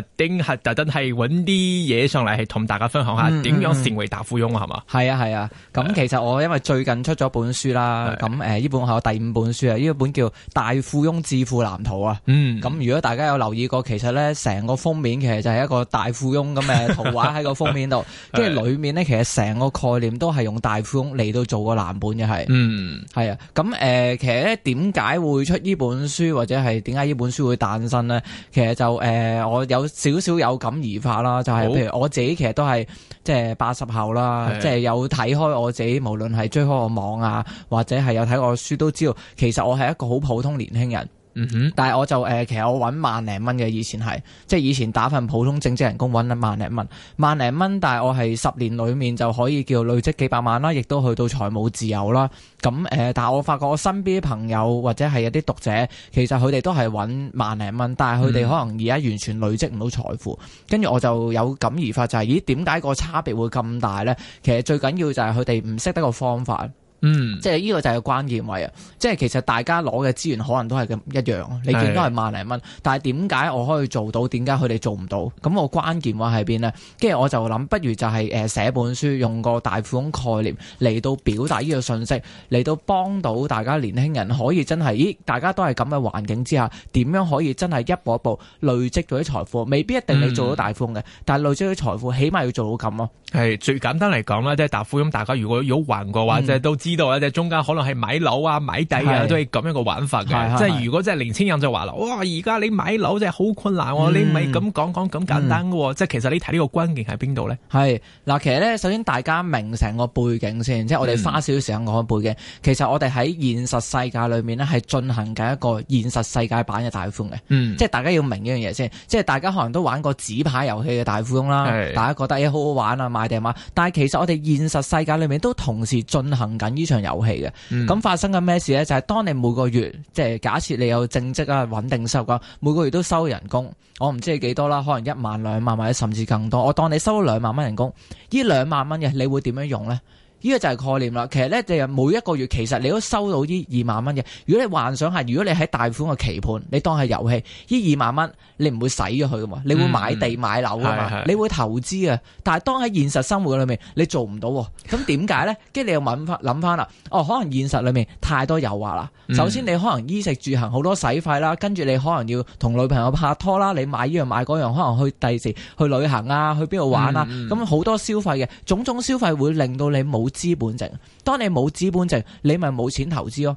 就丁係特登係揾啲嘢上嚟，係同大家分享下點樣成為大富翁、嗯嗯、吧啊？係嘛？係啊係啊！咁其實我因為最近出咗本書啦，咁誒呢本係我第五本書啊，呢一本叫《大富翁致富藍圖》啊。嗯。咁如果大家有留意過，其實咧成個封面其實就係一個大富翁咁嘅圖畫喺個封面度，即係、 啊、裏面咧其實成個概念都係用大富翁嚟到做個藍本嘅係。嗯。係啊，咁、呃、誒，其實咧點解會出呢本書或者係點解呢本書會誕生咧？其實就誒、呃，我有。少少有感而發啦，就係、是、譬如我自己，其實都係，好即係八十後啦，即係有睇開我自己，無論係追開個網啊，或者係有睇過書都知道，其實我係一個好普通年輕人。嗯哼，但係我就誒、呃，其實我揾萬零蚊嘅，以前係即係以前打份普通正職人工，揾一萬零蚊，萬零蚊。但係我係十年裏面就可以叫累積幾百萬啦，亦都去到財務自由啦。咁誒、呃，但我發覺我身邊啲朋友或者係一啲讀者，其實佢哋都係揾萬零蚊，但係佢哋可能而家完全累積唔到財富。跟住、嗯、我就有感而發、就係，就係咦點解個差別會咁大呢？其實最緊要就係佢哋唔識得個方法。嗯，即係呢個就係個關鍵位啊！即係其實大家攞嘅資源可能都係一一樣，的你見到係萬零蚊。但係點解我可以做到？點解佢哋做唔到？咁我關鍵位喺邊咧？跟住我就諗，不如就係誒寫本書，用個大富翁概念嚟到表達呢個信息，嚟到幫到大家年輕人可以真係，咦？大家都係咁嘅環境之下，點樣可以真係一步一步累積咗啲財富？未必一定你做到大富翁嘅，嗯、但係累積咗財富，起碼要做到咁咯。係最簡單嚟講啦，即係大富翁，大家如果如果玩過嘅話，即係都知。呢度啦，即係中間可能係買樓啊、買地啊，是都係咁樣嘅玩法。即係如果即係年青人就話啦，哇，而家你買樓真係好困難，嗯、你唔係咁講講咁簡單、嗯嗯、即係其實你睇呢個關鍵喺邊度咧？係嗱，其實咧，首先大家明成個背景先，即係我哋花少少時間講背景。嗯、其實我哋喺現實世界裏面咧，係進行緊一個現實世界版嘅大富翁嘅。嗯、即係大家要明一樣嘢先，即係大家可能都玩過紙牌遊戲嘅大富翁啦，是是大家覺得好好玩啊，買定啊嘛。但係其實我哋現實世界裏面都同時進行緊呢場遊戲嘅，咁、嗯、發生緊咩事咧？就係、是、當你每個月，即係假設你有正職啊，穩定收入，啊，每個月都收人工，我唔知你幾多啦，可能一萬兩萬或者甚至更多。我當你收咗兩萬蚊人工，呢兩萬蚊嘅你會點樣用咧？呢個就係概念啦，其實咧就每一個月，其實你都收到呢二萬蚊嘅。如果你幻想下，如果你喺大富翁嘅棋盤，你當係遊戲，呢二萬蚊你唔會使咗佢噶嘛，你會買地買樓噶嘛，嗯、你會投資啊。但係當喺現實生活裏面，你做唔到喎。咁點解咧？跟住 你又諗翻諗翻啦，哦，可能現實裏面太多誘惑啦。首先你可能衣食住行好多使費啦，跟住你可能要同女朋友拍拖啦，你買呢樣買嗰樣，可能去第時去旅行啊，去邊度玩啊，咁好、嗯、多消費嘅，種種消費會令到你冇。資本值，當你冇資本值，你咪冇錢投資咯。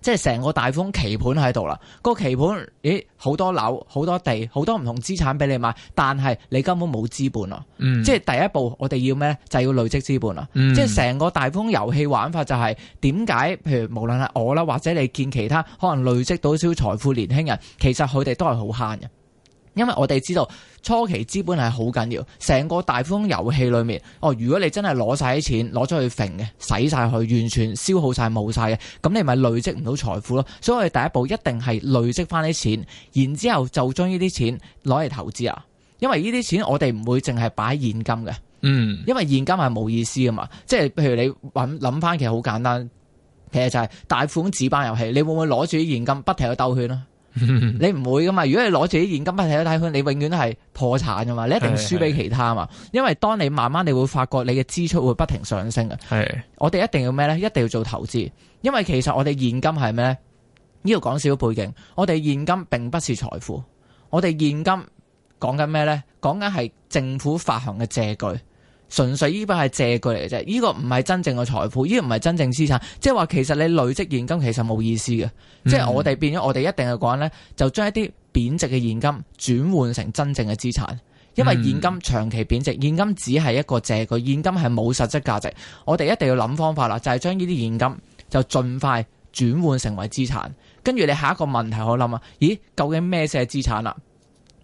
即係成個大富翁棋盤喺度啦，個棋盤咦好多樓，好多地，好多唔同資產俾你買，但係你根本冇資本咯。嗯、即係第一步，我哋要咩就係要累積資本啦。嗯、即係成個大富翁遊戲玩法就係點解？譬如無論係我啦，或者你見其他可能累積到少少財富年輕人，年輕人其實佢哋都係好慳嘅。因為我哋知道初期資本係好緊要，成個大富翁遊戲裏面，哦，如果你真係攞晒啲錢，攞出去揈嘅，使晒去，完全消耗晒，冇晒嘅，咁你咪累積唔到財富咯。所以我哋第一步一定係累積翻啲錢，然之後就將呢啲錢攞嚟投資啊。因為呢啲錢我哋唔會淨係擺現金嘅，嗯，因為現金係冇意思噶嘛。即係譬如你諗諗翻，其實好簡單，其實就係大富翁紙板遊戲，你會唔會攞住啲現金不停去兜圈咯？ 你唔會噶嘛？如果你攞住啲現金翻睇一睇，佢，你永遠都係破產噶嘛，你一定輸俾其他嘛。是是因為當你慢慢你會發覺你嘅支出會不停上升嘅。係，是是 我哋一定要咩呢？一定要做投資，因為其實我哋現金係咩呢？呢度講少少背景，我哋現金並不是財富，我哋現金講緊咩呢？講緊係政府發行嘅借據。純粹依個係借據嚟嘅啫，呢、這個唔係真正嘅財富，依、這個唔係真正資產。即係話其實你累積現金其實冇意思嘅，嗯、即係我哋變咗，我哋一定係講咧，就將一啲貶值嘅現金轉換成真正嘅資產，因為現金長期貶值，現金只係一個借據，現金係冇實質價值。我哋一定要諗方法啦，就係將呢啲現金就盡快轉換成為資產。跟住你下一個問題可諗啊？咦，究竟咩先係資產啊？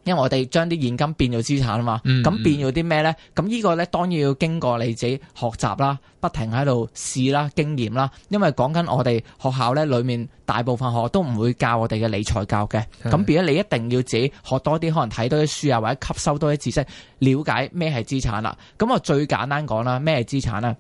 因為我哋將啲現金變做資產啊嘛，咁、嗯嗯、變做啲咩呢？咁呢個呢，當然要經過你自己學習啦，不停喺度試啦、經驗啦。因為講緊我哋學校呢，裡面大部分學都唔會教我哋嘅理財教嘅。咁變咗你一定要自己學多啲，可能睇多啲書啊，或者吸收多啲知識，了解咩係資產啦。咁我最簡單講啦，咩係資產呢？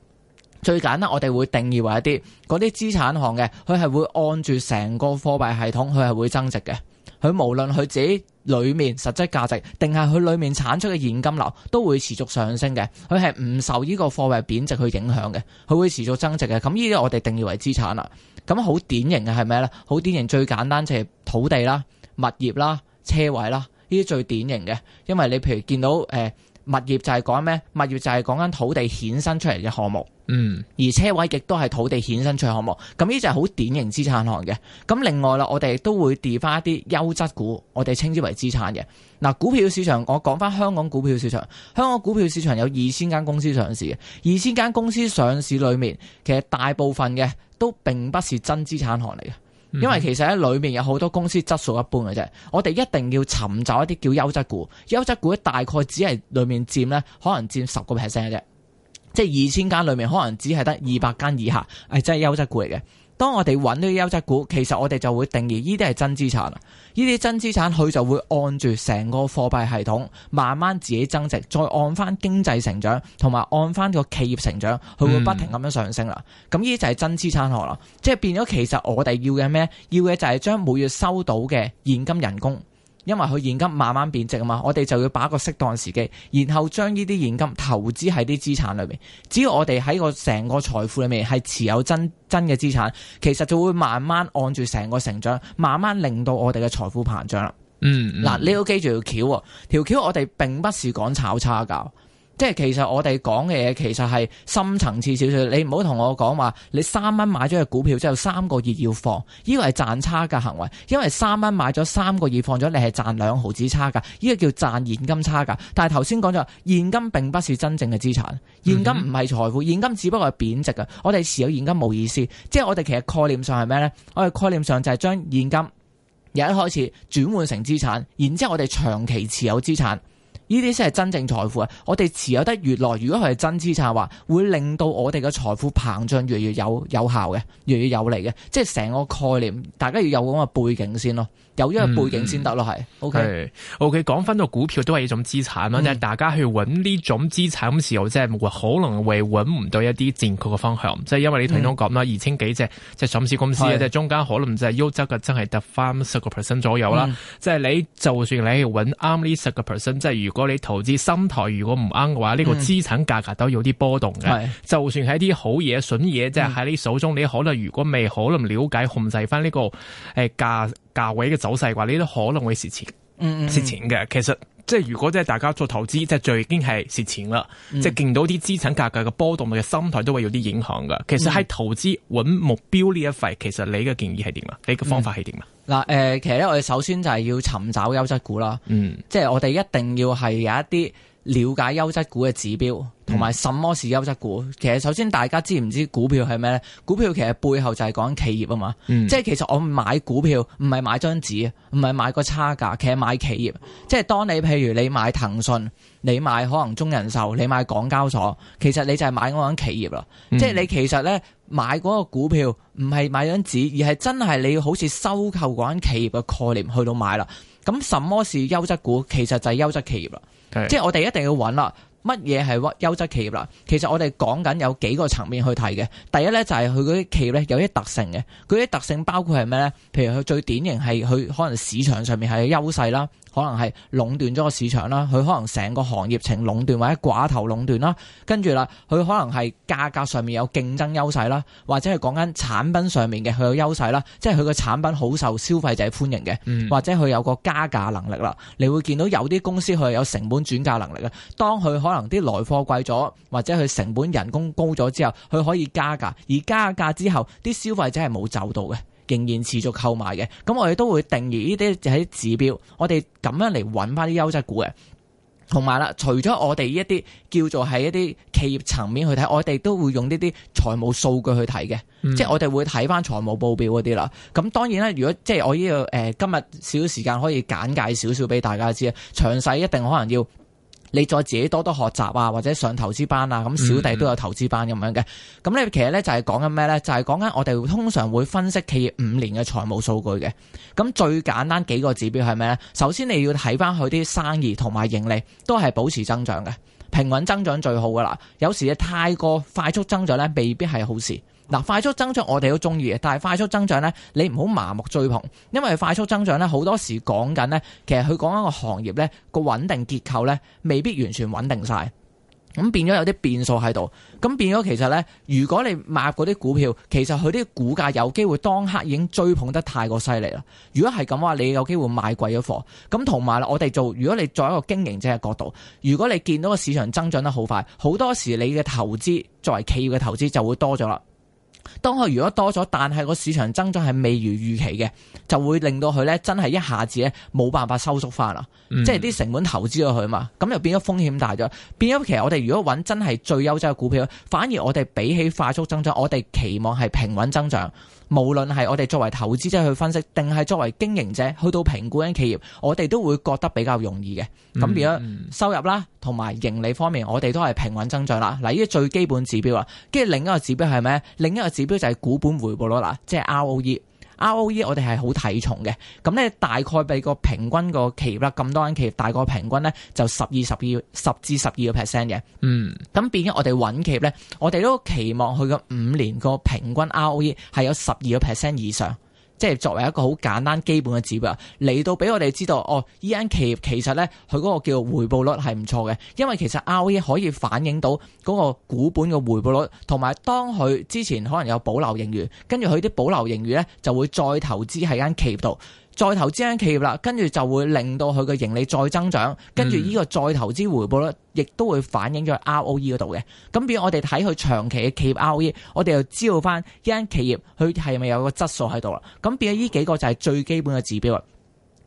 最簡單，我哋會定義為一啲嗰啲資產項嘅，佢係會按住成個貨幣系統，佢係會增值嘅。佢無論佢自己裏面實質價值，定係佢裏面產出嘅現金流，都會持續上升嘅。佢係唔受呢個貨幣貶值去影響嘅，佢會持續增值嘅。咁呢啲我哋定義為資產啦。咁好典型嘅係咩呢？好典型最簡單就係土地啦、物業啦、車位啦，呢啲最典型嘅。因為你譬如見到誒物業就係講咩？物業就係講緊土地衍生出嚟嘅項目。嗯，而車位亦都係土地衍生出項目，咁呢就係好典型資產行嘅。咁另外啦，我哋都會跌翻一啲優質股，我哋稱之為資產嘅。嗱，股票市場我講翻香港股票市場，香港股票市場有二千間公司上市嘅，二千間公司上市裏面，其實大部分嘅都並不是真資產行嚟嘅，因為其實喺裏面有好多公司質素一般嘅啫。我哋一定要尋找一啲叫優質股，優質股大概只係裏面佔咧，可能佔十個 percent 嘅啫。即係二千間裏面，可能只係得二百間以下，係、哎、真係優質股嚟嘅。當我哋揾到呢啲優質股，其實我哋就會定義呢啲係真資產。呢啲真資產佢就會按住成個貨幣系統慢慢自己增值，再按翻經濟成長同埋按翻個企業成長，佢會不停咁樣上升啦。咁呢啲就係真資產學啦，即係變咗其實我哋要嘅咩？要嘅就係將每月收到嘅現金人工。因為佢現金慢慢貶值啊嘛，我哋就要把握個適當時機，然後將呢啲現金投資喺啲資產裏面。只要我哋喺個成個財富裏面係持有真真嘅資產，其實就會慢慢按住成個成長，慢慢令到我哋嘅財富膨脹啦、嗯。嗯，嗱，你、這個、要記住條橋啊，條橋我哋並不是講炒差價。即係其實我哋講嘅嘢，其實係深層次少少，你唔好同我講話，你三蚊買咗隻股票之後三個月要放，呢個係賺差價行為，因為三蚊買咗三個月放咗，你係賺兩毫子差價，呢個叫賺現金差價。但係頭先講咗，現金並不是真正嘅資產，現金唔係財富，現金只不過係貶值噶。我哋持有現金冇意思，即係我哋其實概念上係咩呢？我哋概念上就係將現金由一開始轉換成資產，然之後我哋長期持有資產。呢啲先係真正財富啊！我哋持有得越耐，如果佢係真資產話，會令到我哋嘅財富膨脹越嚟越有越有效嘅，越嚟越有利嘅。即係成個概念，大家要有咁嘅背景先咯。有一個背景先得咯，係、嗯。O K，O K，講翻到股票都係一種資產啦，但係、嗯、大家去搵呢種資產嘅時候，即、就、係、是、可能會搵唔到一啲正確嘅方向。即、就、係、是、因為你頭先講啦，嗯、二千幾隻即係上市公司即係是中間可能即係優質嘅真係得翻十個 percent 左右啦。即係、嗯、你就算你去搵啱呢十個 percent，即係如果你投資心態，如果唔啱嘅話，呢、這個資產價格都有啲波動嘅、嗯。就算係啲好嘢、筍嘢，即係喺你手中，嗯、你可能如果未可能了解控制翻、這、呢個誒價。呃價價位嘅走勢話，你都可能會蝕錢，蝕錢嘅。其實即係如果即係大家做投資，即係最驚係蝕錢啦。即係、嗯嗯嗯、見到啲資產價格嘅波動嘅心態都會有啲影響㗎。其實喺投資揾目標呢一塊，其實你嘅建議係點啊？你嘅方法係點啊？嗱，誒，其實咧，我哋首先就係要尋找優質股啦。嗯，即係我哋一定要係有一啲。了解優質股嘅指標同埋什麼是優質股。其實首先大家知唔知股票係咩呢？股票其實背後就係講企業啊嘛，嗯、即係其實我買股票唔係買張紙，唔係買個差價，其實買企業。即係當你譬如你買騰訊，你買可能中人壽，你買港交所，其實你就係買嗰間企業啦。嗯、即係你其實呢，買嗰個股票唔係買張紙，而係真係你好似收購嗰間企業嘅概念去到買啦。咁什麼是優質股？其實就係優質企業啦。 即係我哋一定要揾啦，乜嘢係優質企業啦？其實我哋講緊有幾個層面去睇嘅。第一咧就係佢嗰啲企業咧有啲特性嘅，嗰啲特性包括係咩咧？譬如佢最典型係佢可能市場上面係優勢啦。可能係壟斷咗個市場啦，佢可能成個行業呈壟斷或者寡頭壟斷啦，跟住啦，佢可能係價格上面有競爭優勢啦，或者係講緊產品上面嘅，佢有優勢啦，即係佢個產品好受消費者歡迎嘅，或者佢有個加價能力啦。你會見到有啲公司佢係有成本轉嫁能力嘅，當佢可能啲來貨貴咗，或者佢成本人工高咗之後，佢可以加價，而加價之後啲消費者係冇走到嘅。仍然持續購買嘅，咁我哋都會定義呢啲就係指標，我哋咁樣嚟揾翻啲優質股嘅。同埋啦，除咗我哋一啲叫做喺一啲企業層面去睇，我哋都會用呢啲財務數據去睇嘅，嗯、即係我哋會睇翻財務報表嗰啲啦。咁當然啦，如果即係我呢、呢個誒、呃、今日少少時間可以簡介少少俾大家知啊，詳細一定可能要。你再自己多多學習啊，或者上投資班啊，咁小弟都有投資班咁樣嘅。咁咧、嗯嗯、其實咧就係講緊咩咧？就係講緊我哋通常會分析企業五年嘅財務數據嘅。咁最簡單幾個指標係咩咧？首先你要睇翻佢啲生意同埋盈利都係保持增長嘅，平穩增長最好噶啦。有時你太過快速增長咧，未必係好事。嗱、啊，快速增長我哋都中意嘅，但係快速增長咧，你唔好盲目追捧，因為快速增長咧好多時講緊咧，其實佢講緊個行業咧個穩定結構咧未必完全穩定晒，咁變咗有啲變數喺度，咁變咗其實咧，如果你買嗰啲股票，其實佢啲股價有機會當刻已經追捧得太過犀利啦。如果係咁話，你有機會買貴咗貨。咁同埋我哋做，如果你作為一個經營者嘅角度，如果你見到個市場增長得好快，好多時你嘅投資作為企業嘅投資就會多咗啦。當佢如果多咗，但係個市場增長係未如預期嘅，就會令到佢咧真係一下子咧冇辦法收縮翻啦。嗯、即係啲成本投資咗佢啊嘛，咁就變咗風險大咗。變咗其實我哋如果揾真係最優質嘅股票，反而我哋比起快速增長，我哋期望係平穩增長。無論係我哋作為投資者去分析，定係作為經營者去到評估緊企業，我哋都會覺得比較容易嘅。咁變咗收入、啦，同埋盈利方面，我哋都係平穩增長啦。嗱，呢個最基本指標啊，跟住另一個指標係咩？另一個指標就係股本回報率啦，即係 ROE。ROE 我哋係好睇重嘅，咁咧大概俾個平均個企業啦，咁多間企業大概平均咧就十二、十二、十至十二個 percent 嘅，嗯，咁變咗我哋揾企業咧，我哋都期望佢個五年個平均 ROE 係有十二個 percent 以上。即係作為一個好簡單基本嘅指標嚟到俾我哋知道，哦，依間企業其實呢，佢嗰個叫回報率係唔錯嘅，因為其實 ROE 可以反映到嗰個股本嘅回報率，同埋當佢之前可能有保留盈餘，跟住佢啲保留盈餘呢，就會再投資喺間企業度。再投資一間企業啦，跟住就會令到佢嘅盈利再增長，跟住呢個再投資回報率亦都會反映咗喺 ROE 嗰度嘅。咁，比如我哋睇佢長期嘅企業 ROE，我哋又知道返一間企業佢係咪有個質素喺度啦？咁變咗呢幾個就係最基本嘅指標啦！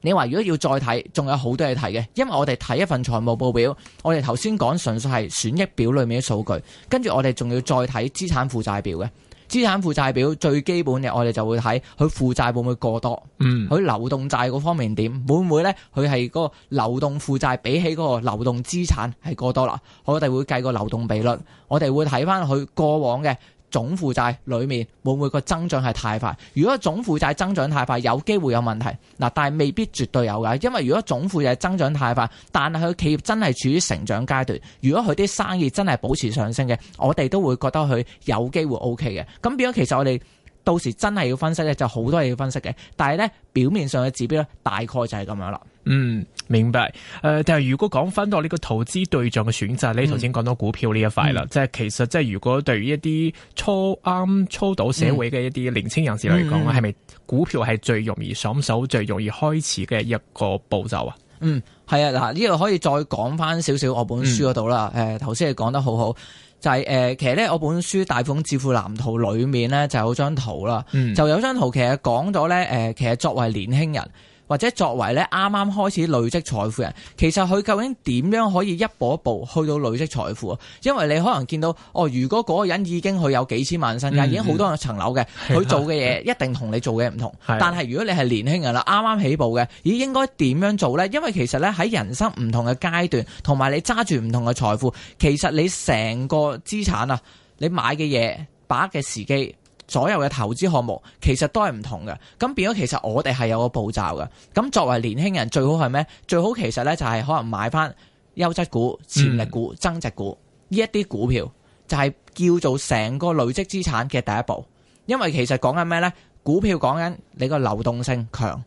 你話如果要再睇，仲有好多嘢睇嘅，因為我哋睇一份財務報表，我哋頭先講純粹係損益表裡面嘅數據，跟住我哋仲要再睇資產負債表嘅。資產負債表最基本嘅，我哋就會睇佢負債會唔會過多，佢、嗯、流動債嗰方面點，會唔會呢？佢係嗰個流動負債比起嗰個流動資產係過多啦，我哋會計個流動比率，我哋會睇翻佢過往嘅。總負債裏面會唔會個增長係太快？如果總負債增長太快，有機會有問題嗱，但係未必絕對有㗎，因為如果總負債增長太快，但係佢企業真係處於成長階段，如果佢啲生意真係保持上升嘅，我哋都會覺得佢有機會 OK 嘅。咁變咗其實我哋。到時真係要分析咧，就好多嘢要分析嘅。但係咧，表面上嘅指標咧，大概就係咁樣啦。嗯，明白。誒、呃，但係如果講翻到呢個投資對象嘅選擇，嗯、你頭先講到股票呢一塊啦，嗯、即係其實即係如果對於一啲初啱初到社會嘅一啲年輕人士嚟講，係咪、嗯嗯、股票係最容易爽手、最容易開始嘅一個步驟啊、嗯？嗯，係啊。嗱，呢度可以再講翻少少我本書嗰度啦。誒、嗯，頭先你講得好好。就係、是、誒、呃，其實咧，我本書大富致富藍圖裏面咧，就有張圖啦，嗯、就有張圖。其實講咗咧，誒、呃，其實作為年輕人。或者作為咧啱啱開始累積財富人，其實佢究竟點樣可以一步一步去到累積財富啊？因為你可能見到哦，如果嗰個人已經佢有幾千萬身家，嗯、已經好多人層樓嘅，佢其他 做嘅嘢一定同你做嘅唔同。但係如果你係年輕人啦，啱啱起步嘅，咦應該點樣做呢？因為其實咧喺人生唔同嘅階段，同埋你揸住唔同嘅財富，其實你成個資產啊，你買嘅嘢，把握嘅時機。所有嘅投資項目其實都係唔同嘅，咁變咗其實我哋係有個步驟嘅。咁作為年輕人最好係咩？最好其實咧就係可能買翻優質股、潛力股、增值股呢一啲股票，就係叫做成個累積資產嘅第一步。因為其實講緊咩咧？股票講緊你個流動性強，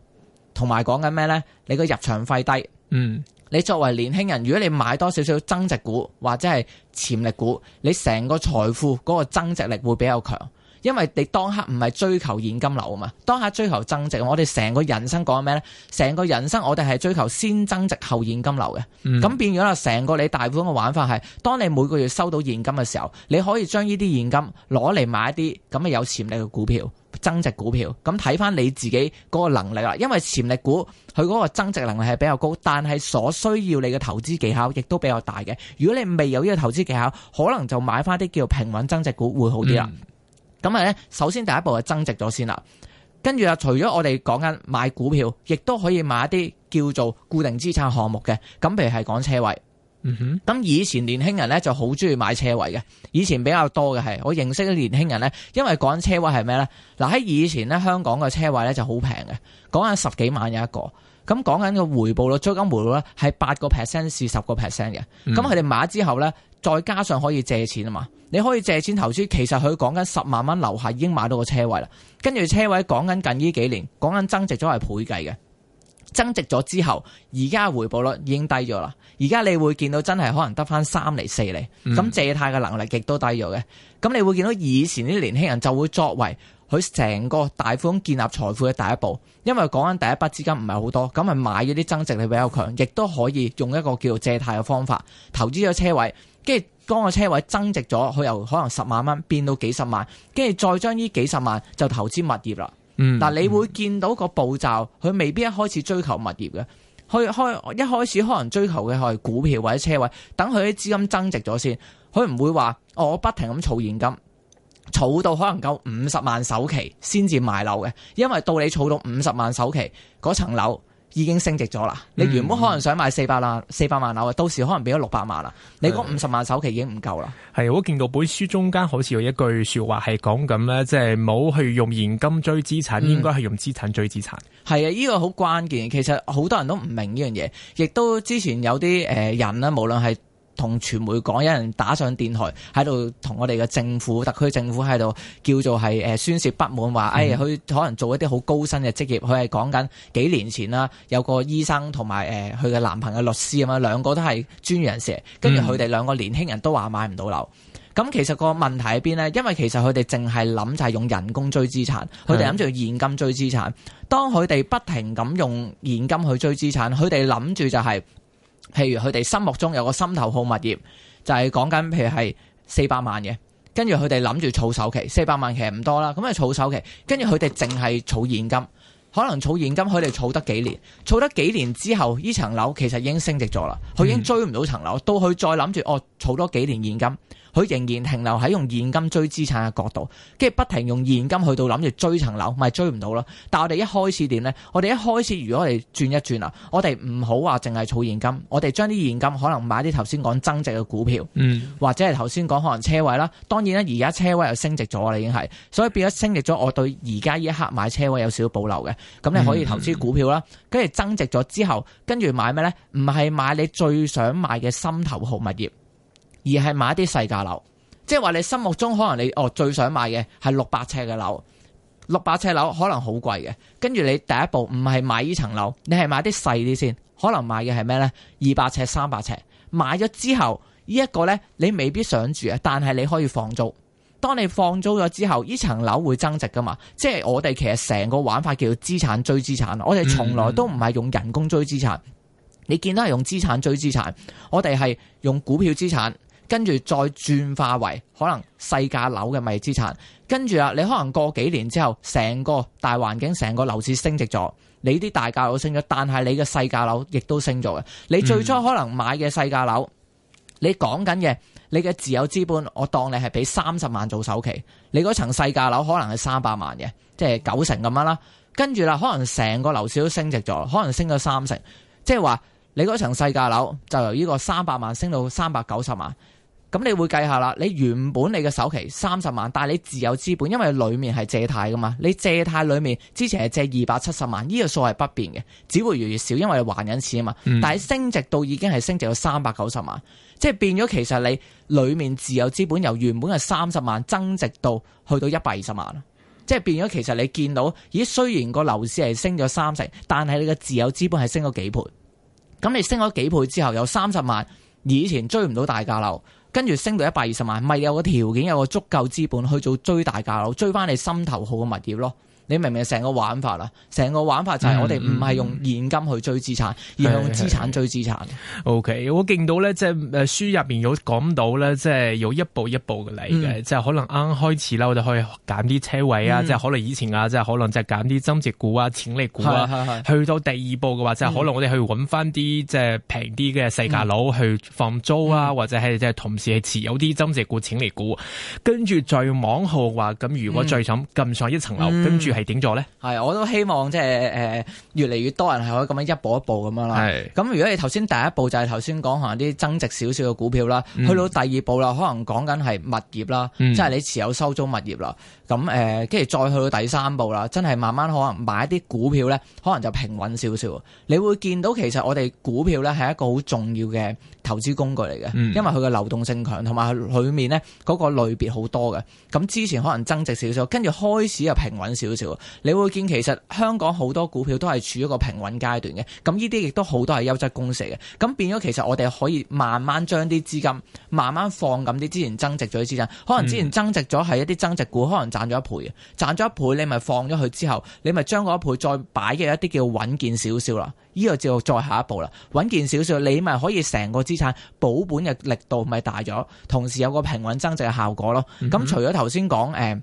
同埋講緊咩咧？你個入場費低，嗯，你作為年輕人，如果你買多少少增值股或者係潛力股，你成個財富嗰個增值力會比較強。因為你當刻唔係追求現金流啊嘛，當下追求增值。我哋成個人生講咩呢？成個人生我哋係追求先增值後現金流嘅。咁、嗯、變咗啦，成個你大盤嘅玩法係，當你每個月收到現金嘅時候，你可以將呢啲現金攞嚟買一啲咁嘅有潛力嘅股票，增值股票。咁睇翻你自己嗰個能力啦，因為潛力股佢嗰個增值能力係比較高，但係所需要你嘅投資技巧亦都比較大嘅。如果你未有呢個投資技巧，可能就買翻啲叫平穩增值股會好啲啦。嗯咁啊！首先第一步係增值咗先啦，跟住啊，除咗我哋講緊買股票，亦都可以買一啲叫做固定資產項目嘅。咁譬如係講車位，咁，嗯哼，以前年輕人咧就好中意買車位嘅。以前比較多嘅係我認識啲年輕人咧，因為講緊車位係咩咧？嗱喺以前咧，香港嘅車位咧就好平嘅，講緊十幾萬有一個。咁講緊個回報率、租金回報咧係八個 percent 至十個 percent 嘅。咁佢哋買之後咧。再加上可以借錢啊嘛，你可以借錢投資，其實佢講緊十萬蚊樓下已經買到個車位啦。跟住車位講緊近呢幾年，講緊增值咗係倍計嘅。增值咗之後，而家嘅回報率已經低咗啦。而家你會見到真係可能得翻三釐四釐，咁借貸嘅能力亦都低咗嘅。咁、嗯、你會見到以前啲年輕人就會作為佢成個大富翁建立財富嘅第一步，因為講緊第一筆資金唔係好多，咁咪買咗啲增值力比較強，亦都可以用一個叫做借貸嘅方法投資咗車位。跟住，嗰個車位增值咗，佢由可能十萬蚊變到幾十萬，跟住再將呢幾十萬就投資物業啦。嗯、但你會見到個步驟，佢未必一開始追求物業嘅，佢開一開始可能追求嘅係股票或者車位，等佢啲資金增值咗先，佢唔會話、哦、我不停咁儲現金，儲到可能夠五十萬首期先至買樓嘅，因為到你儲到五十萬首期嗰層樓。已經升值咗啦！你原本可能想買四百萬四百萬樓嘅，嗯、到時可能變咗六百萬啦。你嗰五十萬首期已經唔夠啦。係，我見到本書中間好似有一句説話係講緊咧，即係冇去用現金追資產，應該係用資產追資產。係啊、嗯，依、呢個好關鍵。其實好多人都唔明呢樣嘢，亦都之前有啲誒人咧，無論係。同傳媒講，有人打上電台喺度，同我哋嘅政府、特區政府喺度叫做係誒宣泄不滿，話誒佢可能做一啲好高薪嘅職業，佢係講緊幾年前啦，有個醫生同埋誒佢嘅男朋友律師咁樣，兩個都係專業人士，跟住佢哋兩個年輕人都話買唔到樓。咁其實個問題喺邊呢？因為其實佢哋淨係諗就係用人工追資產，佢哋諗住現金追資產。當佢哋不停咁用現金去追資產，佢哋諗住就係……譬如佢哋心目中有個心頭好物業，就係講緊，譬如係四百萬嘅，跟住佢哋諗住儲首期，四百萬其實唔多啦，咁啊儲首期，跟住佢哋淨係儲現金，可能儲現金，佢哋儲得幾年，儲得幾年之後，呢層樓其實已經升值咗啦，佢已經追唔到層樓，到佢再諗住哦，儲多幾年現金。佢仍然停留喺用現金追資產嘅角度，跟住不停用現金去到諗住追層樓，咪追唔到咯。但係我哋一開始點呢？我哋一開始如果我哋轉一轉啊，我哋唔好話淨係儲現金，我哋將啲現金可能買啲頭先講增值嘅股票，嗯、或者係頭先講可能車位啦。當然咧，而家車位又升值咗啦，已經係，所以變咗升值咗，我對而家呢一刻買車位有少少保留嘅。咁你可以投資股票啦，跟住、嗯、增值咗之後，跟住買咩呢？唔係買你最想買嘅心頭號物業。而係買啲細價樓，即係話你心目中可能你哦最想買嘅係六百尺嘅樓，六百尺樓可能好貴嘅。跟住你第一步唔係買呢層樓，你係買啲細啲先，可能買嘅係咩呢？二百尺、三百尺，買咗之後呢一個呢，你未必想住啊，但係你可以放租。當你放租咗之後，呢層樓會增值噶嘛。即係我哋其實成個玩法叫做資產追資產，我哋從來都唔係用人工追資產，你見到係用資產追資產，我哋係用股票資產。跟住再轉化為可能細價樓嘅物資產，跟住啊，你可能過幾年之後，成個大環境、成個樓市升值咗，你啲大價樓升咗，但係你嘅細價樓亦都升咗嘅。你最初可能買嘅細價樓，你講緊嘅，你嘅自有資本，我當你係俾三十萬做首期，你嗰層細價樓可能係三百萬嘅，即係九成咁樣啦。跟住啦，可能成個樓市都升值咗，可能升咗三成，即係話你嗰層細價樓就由呢個三百萬升到三百九十萬。咁你會計下啦。你原本你嘅首期三十萬，但係你自有資本，因為裏面係借貸噶嘛。你借貸裏面之前係借二百七十萬，呢個數係不變嘅，只會越來越少，因為還緊錢啊嘛。但係升值到已經係升值到三百九十萬，即係變咗。其實你裏面自有資本由原本係三十萬增值到去到一百二十萬，即係變咗。其實你見到咦，雖然個樓市係升咗三成，但係你嘅自有資本係升咗幾倍。咁你升咗幾倍之後，有三十萬以前追唔到大價樓。跟住升到一百二十萬，咪有個條件，有個足夠資本去做追大價樓，追翻你心頭好嘅物業咯。你明唔明成個玩法啦，成個玩法就係我哋唔係用現金去追資產，是而係用資產追資產。O、okay, K，我見到咧，即係誒書入邊有講到咧，即係要一步一步嚟嘅，即係、嗯、可能啱開始啦，我哋可以減啲車位啊，即係、嗯、可能以前啊，即、就、係、是、可能即係減啲增值股啊、潛力股啊。嗯、去到第二步嘅話，即、就、係、是、可能我哋去揾翻啲即係平啲嘅細價樓、嗯、去放租啊，嗯、或者係即係同時係持有啲增值股、潛力股。跟住再往後嘅話，咁如果再咁更上一層樓，跟住着、嗯。跟係點做咧？係我都希望即係誒，越嚟越多人係可以咁樣一步一步咁樣啦。係咁是，如果你頭先第一步就係頭先講可能啲增值少少嘅股票啦，嗯、去到第二步啦，可能講緊係物業啦，嗯、即係你持有收租物業啦。咁誒，跟、呃、住再去到第三步啦，真係慢慢可能買一啲股票咧，可能就平穩少少。你會見到其實我哋股票咧係一個好重要嘅投資工具嚟嘅，因為佢嘅流動性強，同埋佢裏面呢嗰個類別好多嘅。咁之前可能增值少少，跟住開始又平穩少少。你會見其實香港好多股票都係處於一個平穩階段嘅。咁呢啲亦都好多係優質公司嘅。咁變咗其實我哋可以慢慢將啲資金慢慢放咁啲。之前增值咗啲資金，可能之前增值咗係一啲增值股，可能賺咗一倍嘅，賺咗一倍你咪放咗佢之後，你咪將嗰一倍再擺嘅一啲叫穩健少少啦。呢、呢個就再下一步啦。穩健少少，你咪可以成個資金資產保本嘅力度咪大咗，同時有個平穩增值嘅效果咯。咁、嗯、哼除咗頭先講誒。呃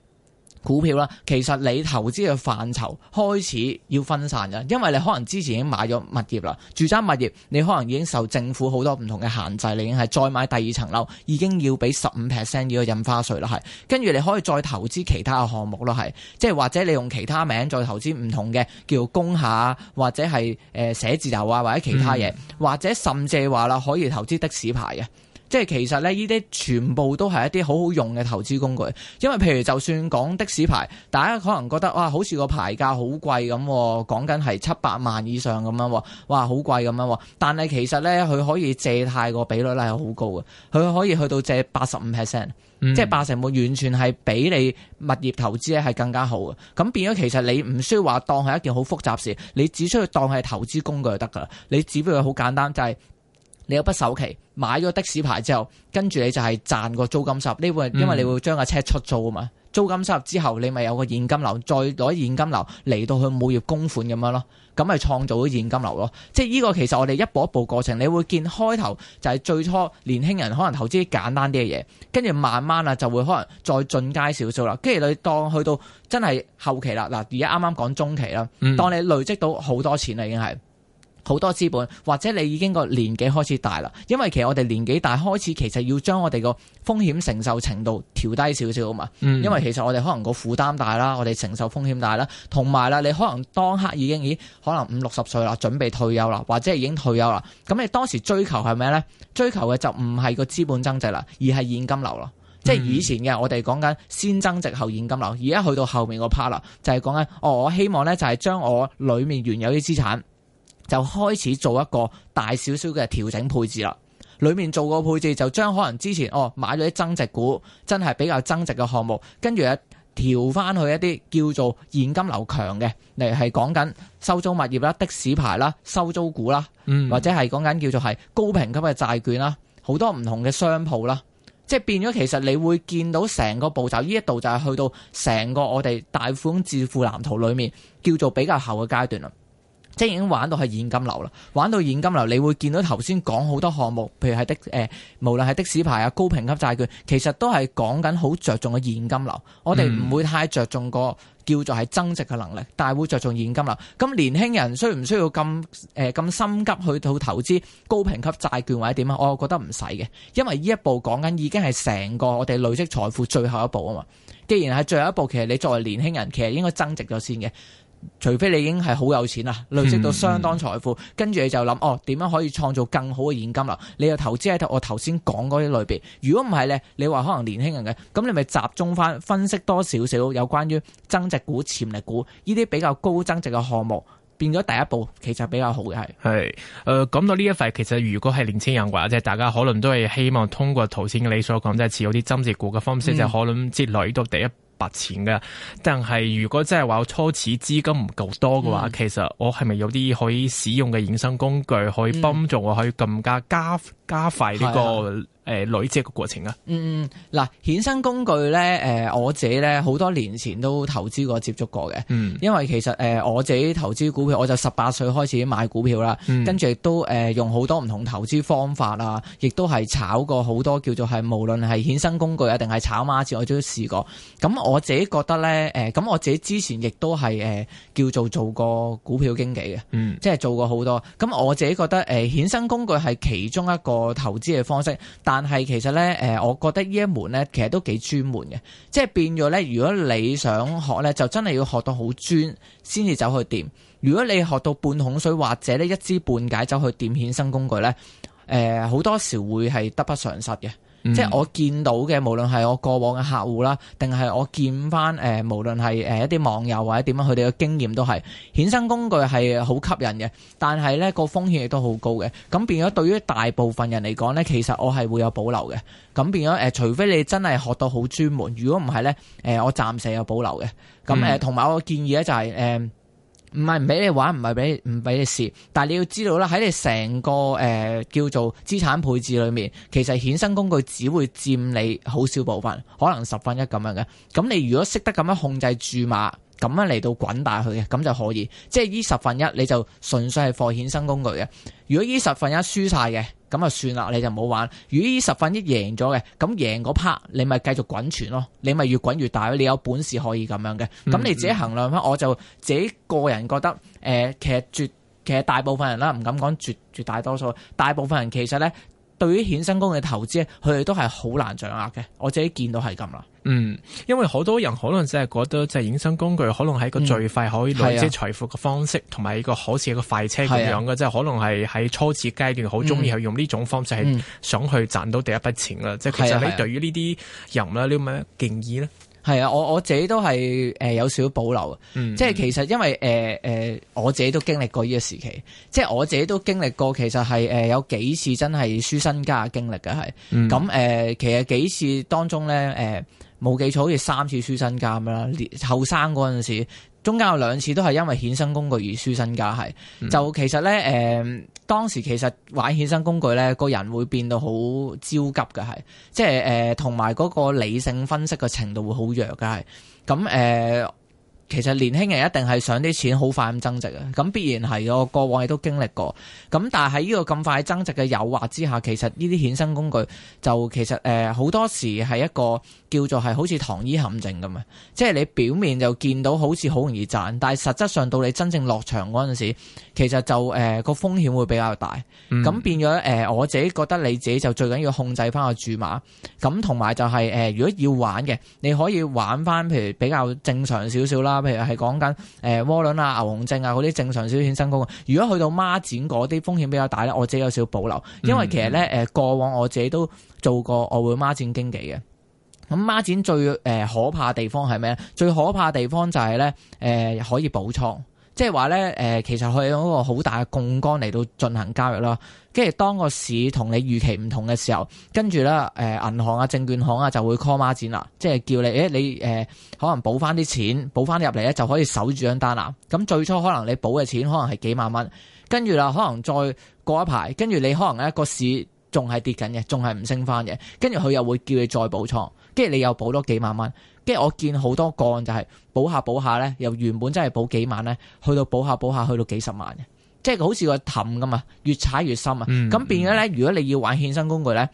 股票啦，其實你投資嘅範疇開始要分散㗎，因為你可能之前已經買咗物業啦，住宅物業你可能已經受政府好多唔同嘅限制，你已經係再買第二層樓已經要俾十五 percent 嘅印花稅啦，係跟住你可以再投資其他嘅項目啦，係即係或者你用其他名再投資唔同嘅叫工廈或者係誒寫字樓啊或者其他嘢，嗯、或者甚至話啦可以投資的士牌嘅。即係其實咧，呢啲全部都係一啲好好用嘅投資工具，因為譬如就算講的士牌，大家可能覺得哇，好似個牌價好貴咁，講緊係七百萬以上咁樣，哇，好貴咁樣。但係其實咧，佢可以借貸個比率咧係好高嘅，佢可以去到借八十五 percent，即係八成半，完全係比你物業投資咧係更加好嘅。咁變咗其實你唔需要話當係一件好複雜事，你只需要當係投資工具就得噶啦。你只不過好簡單就係、是。你有筆首期買咗的士牌之後，跟住你就係賺個租金收入。呢會因為你會將架車出租啊嘛，嗯、租金收入之後你咪有個現金流，再攞現金流嚟到去每月供款咁樣咯，咁咪創造咗現金流咯。即係呢個其實我哋一步一步過程，你會見開頭就係最初年輕人可能投資啲簡單啲嘅嘢，跟住慢慢啊就會可能再進階少少啦。跟住你當去到真係後期啦，嗱而家啱啱講中期啦，當你累積到好多錢啦，已經係，好多資本，或者你已經個年紀開始大啦，因為其實我哋年紀大開始，其實要將我哋個風險承受程度調低少少啊嘛。嗯、因為其實我哋可能個負擔大啦，我哋承受風險大啦，同埋啦，你可能當刻已經咦，可能五六十歲啦，準備退休啦，或者已經退休啦。咁你當時追求係咩呢？追求嘅就唔係個資本增值啦，而係現金流咯。嗯、即係以前嘅我哋講緊先增值後現金流，而家去到後面個 part 啦，就係講緊哦，我希望呢就係將我裡面原有啲資產。就開始做一個大少少嘅調整配置啦。裏面做個配置就將可能之前哦買咗啲增值股，真係比較增值嘅項目，跟住啊調翻去一啲叫做現金流強嘅，例如係講緊收租物業啦、的士牌啦、收租股啦，嗯、或者係講緊叫做係高評級嘅債券啦，好多唔同嘅商鋪啦，即係變咗其實你會見到成個步驟呢一度就係去到成個我哋大富翁致富藍圖裏面叫做比較後嘅階段啦。即係已經玩到係現金流啦，玩到現金流，你會見到頭先講好多項目，譬如係的誒、呃，無論係的士牌啊、高評級債券，其實都係講緊好着重嘅現金流。我哋唔會太着重個叫做係增值嘅能力，但係會着重現金流。咁年輕人需唔需要咁誒咁心急去到投資高評級債券或者點啊？我覺得唔使嘅，因為呢一步講緊已經係成個我哋累積財富最後一步啊嘛。既然係最後一步，其實你作為年輕人，其實應該增值咗先嘅。除非你已經係好有錢啦，累積到相當財富，跟住、嗯、你就諗哦，點樣可以創造更好嘅現金流？你又投資喺我頭先講嗰啲類別。如果唔係呢，你話可能年輕人嘅，咁你咪集中翻，分析多少少有關於增值股、潛力股呢啲比較高增值嘅項目，變咗第一步其實比較好嘅係。係，誒、呃，講到呢一塊，其實如果係年輕人話，即係大家可能都係希望通過頭先你所講即係似有啲增值股嘅方式，就可能積累到第一錢嘅，但係如果真係話我初始資金唔夠多嘅話，嗯、其實我係咪有啲可以使用嘅衍生工具，可以幫助我可以更加加、嗯、加快呢個？誒，累積嘅過程啊！嗯嗯，嗱，衍生工具咧，誒、呃，我自己咧好多年前都投資過、接觸過嘅。嗯，因為其實誒、呃、我自己投資股票，我就十八歲開始買股票啦，嗯、跟住亦都誒、呃、用好多唔同投資方法啊，亦都係炒過好多叫做係無論係衍生工具啊，定係炒孖字，我都試過。咁我自己覺得咧，誒、呃，咁我自己之前亦都係誒叫做做過股票經紀嘅，嗯，即係做過好多。咁我自己覺得誒、呃、衍生工具係其中一個投資嘅方式，但係其實咧，誒、呃，我覺得呢一門咧，其實都幾專門嘅，即係變咗咧。如果你想學咧，就真係要學到好專，先至走去掂。如果你學到半桶水或者咧一知半解走去掂衍生工具咧，誒、呃，好多時會係得不償失嘅。嗯、即係我見到嘅，無論係我過往嘅客戶啦，定係我見返誒、呃，無論係誒一啲網友或者點樣，佢哋嘅經驗都係衍生工具係好吸引嘅，但係呢個風險亦都好高嘅。咁變咗對於大部分人嚟講咧，其實我係會有保留嘅。咁變咗誒、呃，除非你真係學到好專門，如果唔係咧，誒、呃、我暫時有保留嘅。咁誒，同埋、嗯、我建議咧就係、是、誒。呃唔係唔俾你玩，唔係俾唔俾你試，但係你要知道啦，喺你成個誒、呃、叫做資產配置裏面，其實衍生工具只會佔你好少部分，可能十分一咁樣嘅。咁你如果識得咁樣控制注碼，咁樣嚟到滾大佢嘅，咁就可以。即係呢十分一，你就純粹係放衍生工具嘅。如果呢十分一輸晒嘅。咁啊，就算啦，你就唔好玩。如果十分一贏咗嘅，咁贏嗰 part 你咪繼續滾存咯，你咪越滾越大咯。你有本事可以咁樣嘅，咁你自己衡量翻。我就自己個人覺得，誒、呃，其實絕其實大部分人啦，唔敢講絕絕大多數，大部分人其實咧。對於衍生工嘅投資咧，佢哋都係好難掌握嘅。我自己見到係咁啦。嗯，因為好多人可能只係覺得即係衍生工具，可能係一個最快可以累積財富嘅方式，同埋、嗯、一個好似一個快車咁樣嘅，即係、嗯、可能係喺初始階段好中意去用呢種方式，係想去賺到第一筆錢啦。即係、嗯嗯、其實你對於呢啲人呢，你有咩建議咧？係啊，我我自己都係誒、呃、有少少保留，嗯嗯即係其實因為誒誒、呃呃、我自己都經歷過呢個時期，即係我自己都經歷過其實係誒、呃、有幾次真係輸身家嘅經歷嘅係，咁誒、嗯呃、其實幾次當中咧，誒，冇記錯好似三次輸身家咁啦，後生嗰陣時。中間有兩次都係因為衍生工具而輸身家，係，就其實咧，誒、呃、當時其實玩衍生工具咧，個人會變到好焦急嘅，係，即係誒同埋嗰個理性分析嘅程度會好弱嘅，係，咁誒。其實年輕人一定係想啲錢好快咁增值啊，咁必然係嘅，過往亦都經歷過，咁但係喺呢個咁快增值嘅誘惑之下，其實呢啲衍生工具就其實誒好、呃、多時係一個叫做係好似糖衣陷阱咁啊，即係你表面就見到好似好容易賺，但係實質上到你真正落場嗰陣時其實就誒個、呃、風險會比較大。咁、嗯、變咗誒、呃、我自己覺得你自己就最緊要控制翻個注碼，咁同埋就係、是、誒、呃、如果要玩嘅，你可以玩翻譬如比較正常少少啦。譬如係講緊誒窩輪啊、牛熊證啊嗰啲正常少少風險嘅，如果去到孖展嗰啲風險比較大咧，我自己有少保留，因為其實咧誒過往我自己都做過外匯孖展經紀嘅，咁孖展最誒可怕地方係咩咧？最可怕地方就係咧誒可以補倉。即係話咧，誒、呃，其實佢有嗰個好大嘅槓桿嚟到進行交易啦。跟住當個市同你預期唔同嘅時候，跟住咧，誒、呃，銀行啊、證券行啊就會 call 孖展啦，即係叫你，誒、欸，你誒、呃、可能補翻啲錢，補翻入嚟咧就可以守住張單啦。咁最初可能你補嘅錢可能係幾萬蚊，跟住啦，可能再過一排，跟住你可能咧個市仲係跌緊嘅，仲係唔升翻嘅，跟住佢又會叫你再補倉，跟住你又補多幾萬蚊。即係我見好多個案就係，是，補下補下咧，由原本真係補幾萬咧，去到補下補下去到幾十萬嘅，即係好似個氹噉啊，越踩越深啊！咁，嗯、變咗咧，如果你要玩衍生工具咧，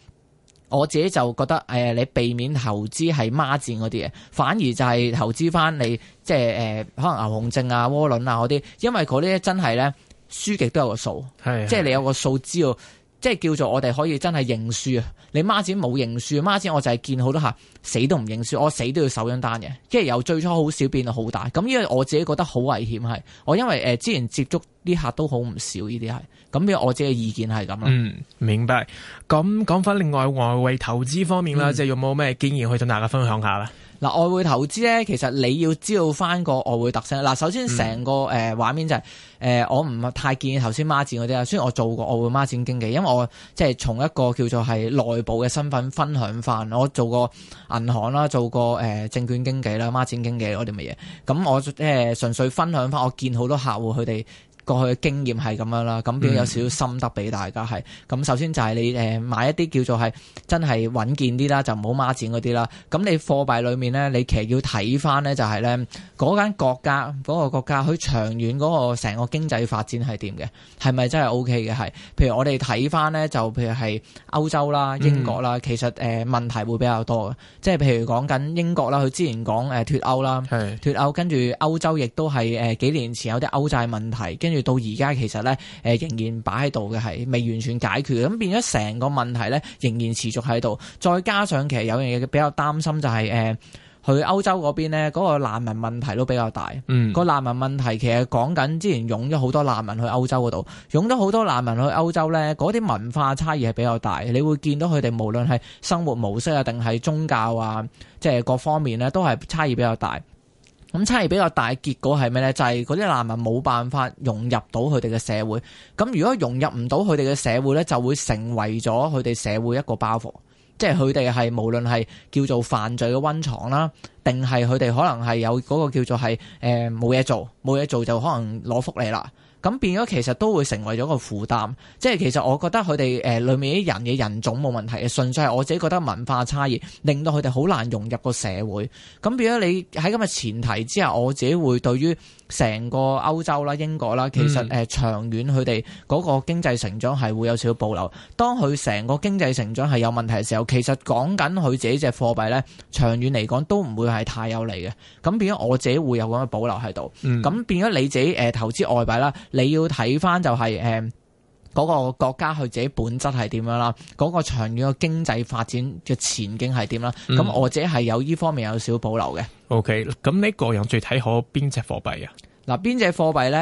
我自己就覺得誒、呃，你避免投資係孖展嗰啲嘢，反而就係投資返你即係誒、呃，可能牛熊證啊、窩輪啊嗰啲，因為嗰啲真係咧輸極都有個數，是、是、即係你有個數知道。即係叫做我哋可以真係認輸啊！你孖子冇認輸，孖子我就係見好多客死都唔認輸，我死都要守張單嘅，即係由最初好少變到好大。咁因為我自己覺得好危險係，我因為誒、呃、之前接觸啲客都好唔少，呢啲係咁嘅。我自己嘅意見係咁咯。嗯，明白。咁講翻另外外匯投資方面啦，嗯、即係有冇咩經驗去同大家分享下啦？嗱，外匯投資咧，其實你要知道翻個外匯特性。嗱，首先成個誒、嗯呃、畫面就係、是、誒、呃，我唔太建議頭先孖展嗰啲啊。雖然我做過外匯孖展經紀，因為我即係從一個叫做係內部嘅身份分享翻，我做過銀行啦，做過誒、呃、證券經紀啦，孖展經紀嗰啲乜嘢。咁我即係、呃、純粹分享翻，我見好多客戶佢哋。他們他們過去嘅經驗係咁樣啦，咁比較有少少心得俾大家係。咁、嗯、首先就係你誒、呃、買一啲叫做係真係穩健啲啦，就唔好孖展嗰啲啦。咁你貨幣裏面咧，你其實要睇翻咧，就係咧嗰間國家嗰個國家佢、那個、長遠嗰個成個經濟發展係點嘅？係咪真係 OK 嘅？係譬如我哋睇翻咧，就譬如係歐洲啦、英國啦，其實誒、呃、問題會比較多嘅。即係譬如講緊英國啦，佢之前講誒脱歐啦，是脱歐跟住歐洲亦都係誒幾年前有啲歐債問題，跟住。到而家其實咧，誒、呃、仍然擺喺度嘅係未完全解決嘅，咁變咗成個問題咧仍然持續喺度。再加上其實有樣嘢比較擔心就係、是、誒、呃，去歐洲嗰邊咧嗰、那個難民問題都比較大。嗯，個難民問題其實講緊之前湧咗好多難民去歐洲嗰度，湧咗好多難民去歐洲咧，嗰啲文化差異係比較大。你會見到佢哋無論係生活模式啊，定係宗教啊，即係各方面咧，都係差異比較大。咁差異比較大，結果係咩呢？就係嗰啲難民冇辦法融入到佢哋嘅社會。咁如果融入唔到佢哋嘅社會呢，就會成為咗佢哋社會一個包袱。即係佢哋係無論係叫做犯罪嘅溫床啦，定係佢哋可能係有嗰個叫做係誒冇嘢做，冇嘢做就可能攞福利啦。咁變咗其實都會成為咗個負擔，即係其實我覺得佢哋誒裏面啲人嘅人種冇問題嘅，純粹係我自己覺得文化差異令到佢哋好難融入個社會。咁變咗你喺咁嘅前提之下，我自己會對於成個歐洲啦、英國啦，其實誒、呃、長遠佢哋嗰個經濟成長係會有少少保留。當佢成個經濟成長係有問題嘅時候，其實講緊佢自己隻貨幣咧，長遠嚟講都唔會係太有利嘅。咁變咗我自己會有咁嘅保留喺度。咁變咗你自己誒、呃、投資外幣啦。你要睇翻就係誒嗰個國家佢自己本質係點樣啦，嗰個長遠嘅經濟發展嘅前景係點啦，咁、嗯、我者係有呢方面有少少保留嘅。OK，咁你個人最睇好邊隻貨幣啊？嗱，邊隻貨幣咧？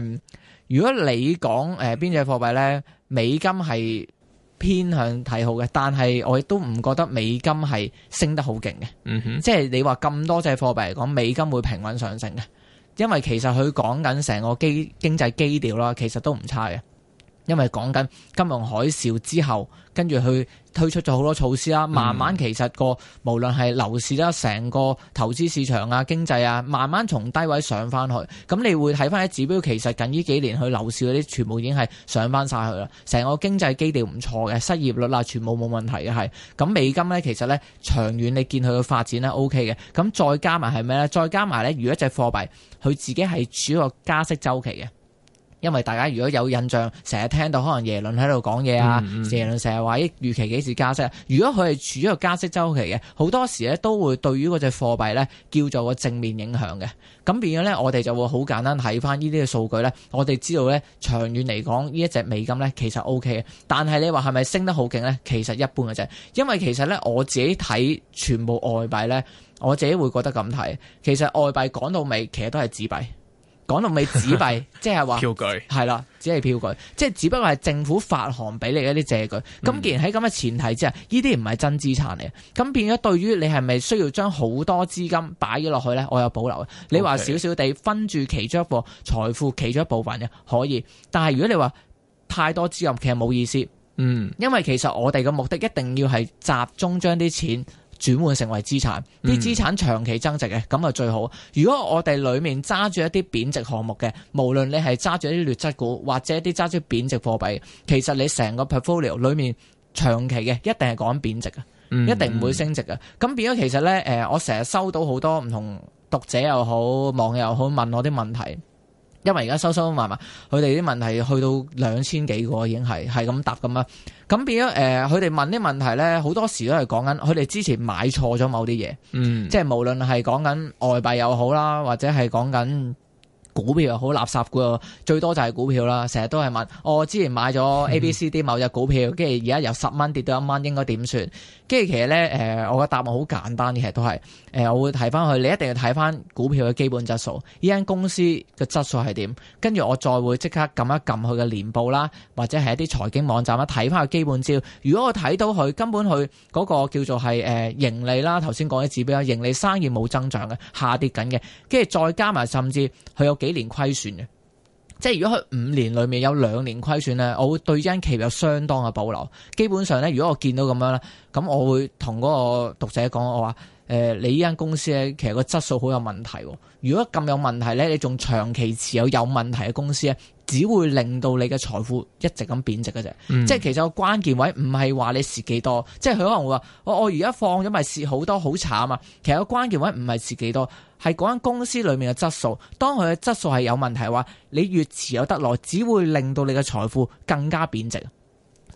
誒，如果你講誒邊隻貨幣咧，美金係偏向睇好嘅，但係我亦都唔覺得美金係升得好勁嘅。嗯哼，即係你話咁多隻貨幣嚟講，美金會平穩上升嘅。因為其實佢講緊成個經經濟基調啦，其實都唔差嘅。因為講緊金融海嘯之後，跟住佢推出咗好多措施啦，慢慢其實個無論係樓市啦、成個投資市場啊、經濟啊，慢慢從低位上翻去，咁你會睇翻啲指標，其實近呢幾年去樓市嗰啲全部已經係上翻晒去啦，成個經濟基調唔錯嘅，失業率啊全部冇問題嘅係。咁美金呢其實呢，長遠你見佢嘅發展呢 O K 嘅，咁再加埋係咩呢？再加埋呢，如果一隻貨幣佢自己係處於一個加息周期嘅。因為大家如果有印象，成日聽到可能耶倫喺度講嘢啊，嗯嗯耶倫，成日話咦，預期幾時加息？如果佢係處於個加息周期嘅，好多時咧都會對於嗰隻貨幣咧叫做個正面影響嘅。咁變咗咧，我哋就會好簡單睇翻呢啲嘅數據咧。我哋知道咧，長遠嚟講，呢一隻美金咧其實 OK 嘅，但係你話係咪升得好勁咧？其實一般嘅啫。因為其實咧我自己睇全部外幣咧，我自己會覺得咁睇。其實外幣講到尾，其實都係紙幣。講到尾紙幣，即係話票據，係啦，只係票據，即係只不過係政府發行俾你一啲借據。咁、嗯、既然喺咁嘅前提之下，呢啲唔係真資產嚟，咁變咗對於你係咪需要將好多資金擺咗落去咧？我有保留。你話少少地分住其中一部分財富，其中一部分嘅可以。但係如果你話太多資金，其實冇意思。嗯，因為其實我哋嘅目的一定要係集中將啲錢，轉換成為資產，啲資產長期增值嘅，咁就最好。如果我哋裡面揸住一啲貶值項目嘅，無論你係揸住一啲劣質股，或者一啲揸住貶值貨幣，其實你成個 portfolio 裡面長期嘅一定係講貶值啊，一定唔會升值啊。咁變咗其實呢，誒，我成日收到好多唔同讀者又好，網友又好問我啲問題。因為而家收收埋埋，佢哋啲問題去到兩千幾個已經係係咁答咁啦。咁變咗誒，佢哋問啲問題咧，好多時都係講緊佢哋之前買錯咗某啲嘢，嗯、即係無論係講緊外幣又好啦，或者係講緊股票又好，垃圾股最多就係股票啦。成日都係問我、哦、之前買咗 A、B、C、D 某隻股票，跟住而家由十蚊跌到一蚊，應該點算？跟住其實咧，誒、呃，我嘅答案好簡單，其實都係，誒、呃，我會睇翻佢，你一定要睇翻股票嘅基本質素，依間公司嘅質素係點？跟住我再會即刻撳一撳佢嘅年報啦，或者係一啲財經網站啦睇翻個基本資料。如果我睇到佢根本佢嗰個叫做係誒盈利啦，頭先講嘅指標啦，盈利生意冇增長嘅，下跌緊嘅，跟住再加埋甚至佢有幾年虧損嘅。即係如果佢五年裏面有兩年虧損咧，我會對呢間企業有相當嘅保留。基本上咧，如果我見到咁樣咧，咁我會同嗰個讀者講，我話誒、呃，你呢間公司咧其實個質素好有問題。如果咁有問題咧，你仲長期持有有問題嘅公司咧？只會令到你嘅財富一直咁貶值嘅啫，嗯、即係其實個關鍵位唔係話你蝕幾多，即係佢可能會話我我而家放咗咪蝕好多好慘啊，其實個關鍵位唔係蝕幾多，係嗰間公司裡面嘅質素，當佢嘅質素係有問題嘅話，你越持有得耐，只會令到你嘅財富更加貶值。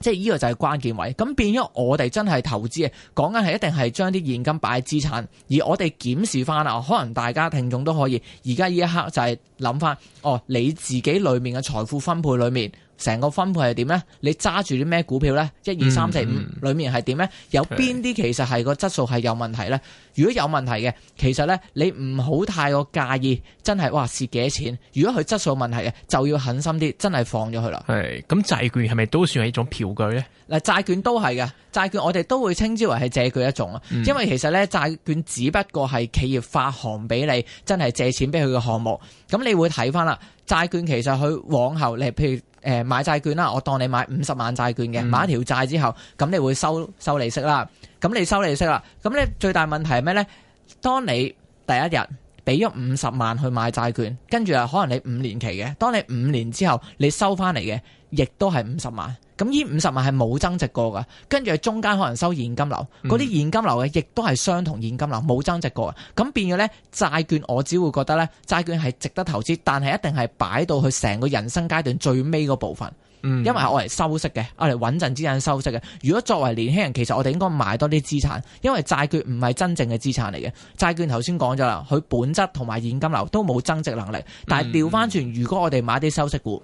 即係呢個就係關鍵位，咁變咗我哋真係投資啊，講緊係一定係將啲現金擺喺資產，而我哋檢視翻啊，可能大家聽眾都可以，而家呢一刻就係諗翻，哦，你自己裡面嘅財富分配裡面。成個分配係點呢？你揸住啲咩股票呢？一二三四五裡面係點呢？有邊啲其實係個質素係有問題呢？如果有問題嘅，其實呢，你唔好太過介意，真係哇蝕幾多錢？如果佢質素問題嘅，就要狠心啲，真係放咗佢啦。係，咁債券係咪都算係一種票據呢？嗱，債券都係嘅，債券我哋都會稱之為係借據一種啊。因為其實呢，債券只不過係企業發行俾你真係借錢俾佢嘅項目。咁你會睇翻啦，債券其實佢往後你係譬如。誒、呃、買債券啦，我當你買五十萬債券嘅，買一條債之後，咁你會收收利息啦。咁你收利息啦，咁你最大問題係咩呢？當你第一日。俾咗五十萬去買債券，跟住啊可能你五年期嘅，當你五年之後你收翻嚟嘅，亦都係五十萬。咁呢五十萬係冇增值過噶，跟住喺中間可能收現金流，嗰啲現金流嘅亦都係相同現金流冇增值過嘅。咁變咗呢，債券我只會覺得呢，債券係值得投資，但係一定係擺到去成個人生階段最尾嗰部分。嗯，因為我嚟，收息嘅，我嚟穩陣資產收息嘅。如果作為年輕人，其實我哋應該買多啲資產，因為債券唔係真正嘅資產嚟嘅。債券頭先講咗啦，佢本質同埋現金流都冇增值能力。但係調翻轉，如果我哋買啲收息股，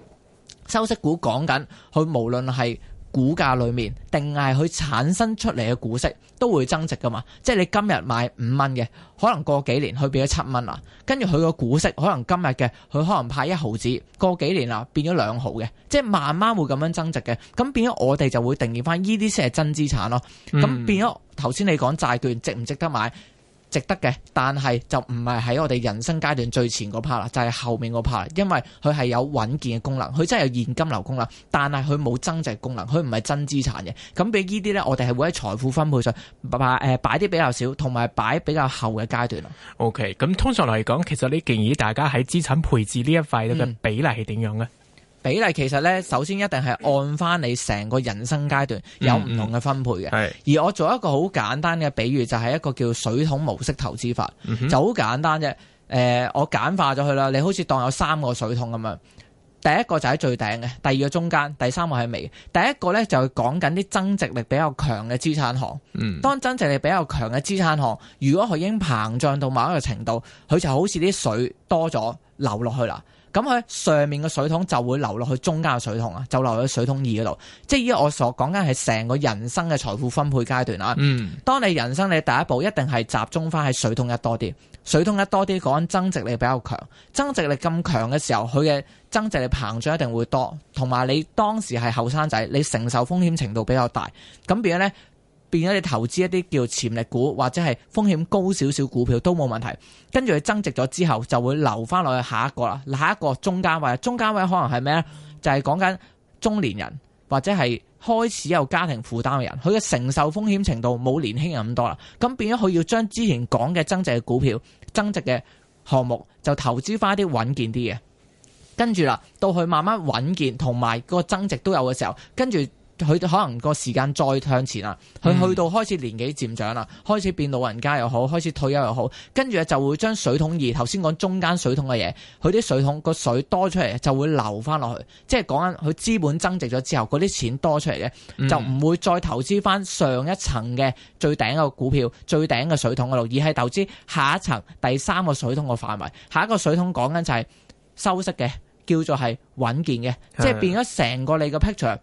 收息股講緊佢無論係。股價裏面，定係佢產生出嚟嘅股息，都會增值噶嘛？即係你今日買五蚊嘅，可能過幾年佢變咗七蚊啦，跟住佢個股息可能今日嘅，佢可能派一毫子，過幾年啦變咗兩毫嘅，即係慢慢會咁樣增值嘅。咁變咗我哋就會定義翻呢啲先係真資產咯。咁變咗頭先你講債券值唔值得買？值得嘅，但係就唔係喺我哋人生階段最前嗰 part 啦，就係後面嗰 part 啦，因為佢係有穩健嘅功能，佢真係有現金流功能，但係佢冇增值功能，佢唔係增資產嘅。咁俾呢啲呢，我哋係會喺財富分配上擺啲比較少，同埋擺比較後嘅階段咯。OK，咁通常嚟講，其實你建議大家喺資產配置呢一塊嘅比例係點樣呢？嗯比例其實咧，首先一定係按翻你成個人生階段有唔同嘅分配嘅。嗯嗯、而我做一個好簡單嘅比喻，就係、是、一個叫水桶模式投資法，嗯、哼就好簡單啫。誒、呃，我簡化咗佢啦。你好似當有三個水桶咁樣，第一個就喺最頂嘅，第二個中間，第三個喺尾。第一個咧就講緊啲增值力比較強嘅資產項。嗯、當增值力比較強嘅資產項，如果佢已經膨脹到某一個程度，佢就好似啲水多咗流落去啦。咁佢上面嘅水桶就會流落去中間嘅水桶啊，就流落去水桶二嗰度。即係依我所講緊係成個人生嘅財富分配階段啦。嗯，mm. 當你人生你第一步一定係集中翻喺水桶一多啲，水桶一多啲講、嗰個、增值力比較強，增值力咁強嘅時候，佢嘅增值力膨脹一定會多，同埋你當時係後生仔，你承受風險程度比較大，咁變咗咧。變咗你投資一啲叫潛力股或者係風險高少少股票，都冇問題。跟住佢增值咗之後就會留翻落去下一個啦。下一個中間位，中間位可能係咩呢？就係講緊中年人或者係開始有家庭負擔嘅人，佢嘅承受風險程度冇年輕人咁多啦。咁變咗佢要將之前講嘅增值嘅股票，增值嘅項目就投資翻一啲穩健啲嘅，跟住啦，到佢慢慢穩健同埋個增值都有嘅時候，跟住。佢可能個時間再向前啦，佢去到開始年紀漸長啦，開始變老人家又好，開始退休又好，跟住啊就會將水桶二頭先講中間水桶嘅嘢，佢啲水桶個水多出嚟就會流翻落去，即係講緊佢資本增值咗之後嗰啲錢多出嚟嘅、嗯、就唔會再投資翻上一層嘅最頂嘅股票、最頂嘅水桶嗰度，而係投資下一層第三個水桶嘅範圍，下一個水桶講緊就係收息嘅，叫做係穩健嘅，的即係變咗成個你嘅 picture。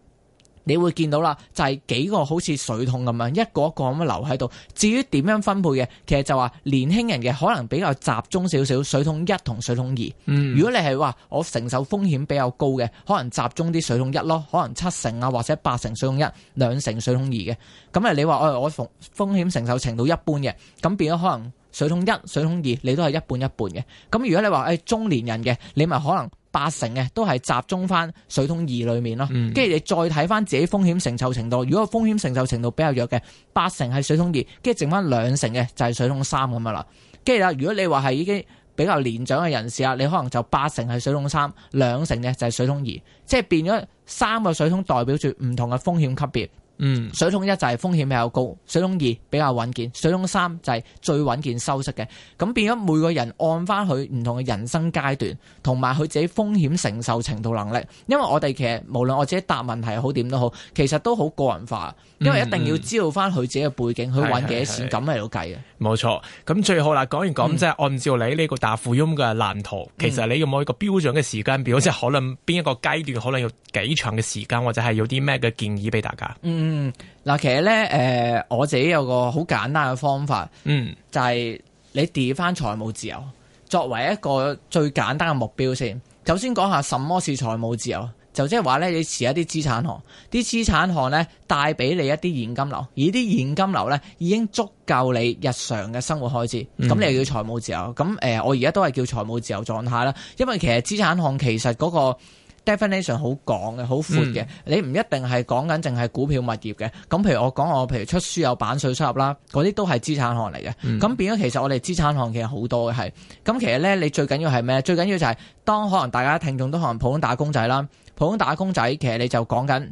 你會見到啦，就係、是、幾個好似水桶咁樣，一個一個咁樣留喺度。至於點樣分配嘅，其實就話年輕人嘅可能比較集中少少，水桶一同水桶二。嗯、如果你係話我承受風險比較高嘅，可能集中啲水桶一咯，可能七成啊或者八成水桶一，兩成水桶二嘅。咁、嗯、啊，你話、哎、我我風風險承受程度一般嘅，咁變咗可能水桶一、水桶二你都係一半一半嘅。咁、嗯、如果你話誒、哎、中年人嘅，你咪可能。八成嘅都係集中翻水桶二裏面咯，跟住你再睇翻自己風險承受程度。如果風險承受程度比較弱嘅，八成係水桶二，跟住剩翻兩成嘅就係水桶三咁樣啦。跟住啦，如果你話係已經比較年長嘅人士啊，你可能就八成係水桶三，兩成嘅就係水桶二，即係變咗三個水桶代表住唔同嘅風險級別。嗯，水桶一就係風險比較高，水桶二比較穩健，水桶三就係最穩健收息嘅。咁變咗每個人按翻佢唔同嘅人生階段，同埋佢自己風險承受程度能力。因為我哋其實無論我自己答問題好點都好，其實都好個人化，因為一定要知道翻佢自己嘅背景，佢揾幾多錢，咁嚟到計嘅。冇錯。咁最好啦，講完講、嗯、即係按照你呢個大富翁嘅藍圖，其實你有冇一個標準嘅時間表，即係可能邊一個階段可能要幾長嘅時間，或者係有啲咩嘅建議俾大家？嗯。嗯，嗱，其實咧，誒、呃，我自己有個好簡單嘅方法，嗯，就係你跌翻財務自由，作為一個最簡單嘅目標先。首先講下什麼是財務自由，就即係話咧，你持一啲資產項，啲資產項咧帶俾你一啲現金流，而啲現金流咧已經足夠你日常嘅生活開支，咁、嗯、你就叫財務自由。咁誒，我而家都係叫財務自由狀態啦，因為其實資產項其實嗰、嗰個。Definition 好廣嘅，好闊嘅，嗯、你唔一定係講緊淨係股票物業嘅。咁譬如我講我譬如出書有版稅收入啦，嗰啲都係資產項嚟嘅。咁、嗯、變咗其實我哋資產項其實好多嘅係。咁其實咧你最緊要係咩？最緊要就係、是、當可能大家聽眾都可能普通打工仔啦，普通打工仔其實你就講緊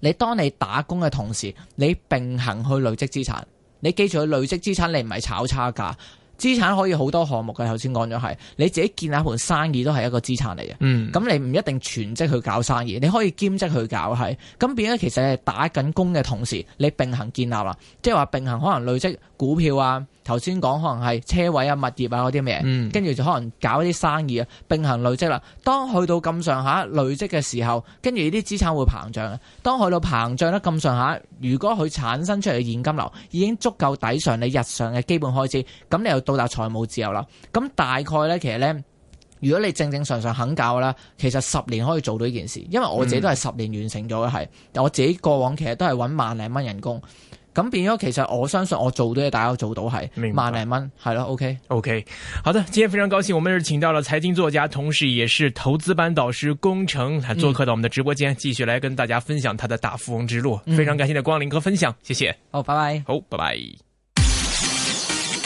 你當你打工嘅同時，你並行去累積資產，你記住去累積資產，你唔係炒差價。資產可以好多項目嘅，頭先講咗係你自己建立一盤生意都係一個資產嚟嘅。咁、嗯、你唔一定全職去搞生意，你可以兼職去搞係。咁變咗其實係打緊工嘅同時，你並行建立啦，即係話並行可能累積股票啊，頭先講可能係車位啊、物業啊嗰啲咩，跟住、嗯、就可能搞一啲生意啊，並行累積啦。當去到咁上下累積嘅時候，跟住呢啲資產會膨脹啊。當去到膨脹得咁上下，如果佢產生出嚟嘅現金流已經足夠抵償你日常嘅基本開支，咁你又。到達財務自由啦，咁大概呢，其實呢，如果你正正常常肯教啦，其實十年可以做到呢件事，因為我自己都係十年完成咗，嘅、嗯。係我自己過往其實都係揾萬零蚊人工，咁變咗其實我相信我做到嘅，大家都做到係萬零蚊，係咯，OK，OK，好的，今天非常高興，我們是請到了財經作家，同時也是投資班導師龔成做客到我們的直播間，繼續來跟大家分享他的大富翁之路，嗯、非常感謝你光臨和分享，謝謝，好，拜拜，好，拜拜。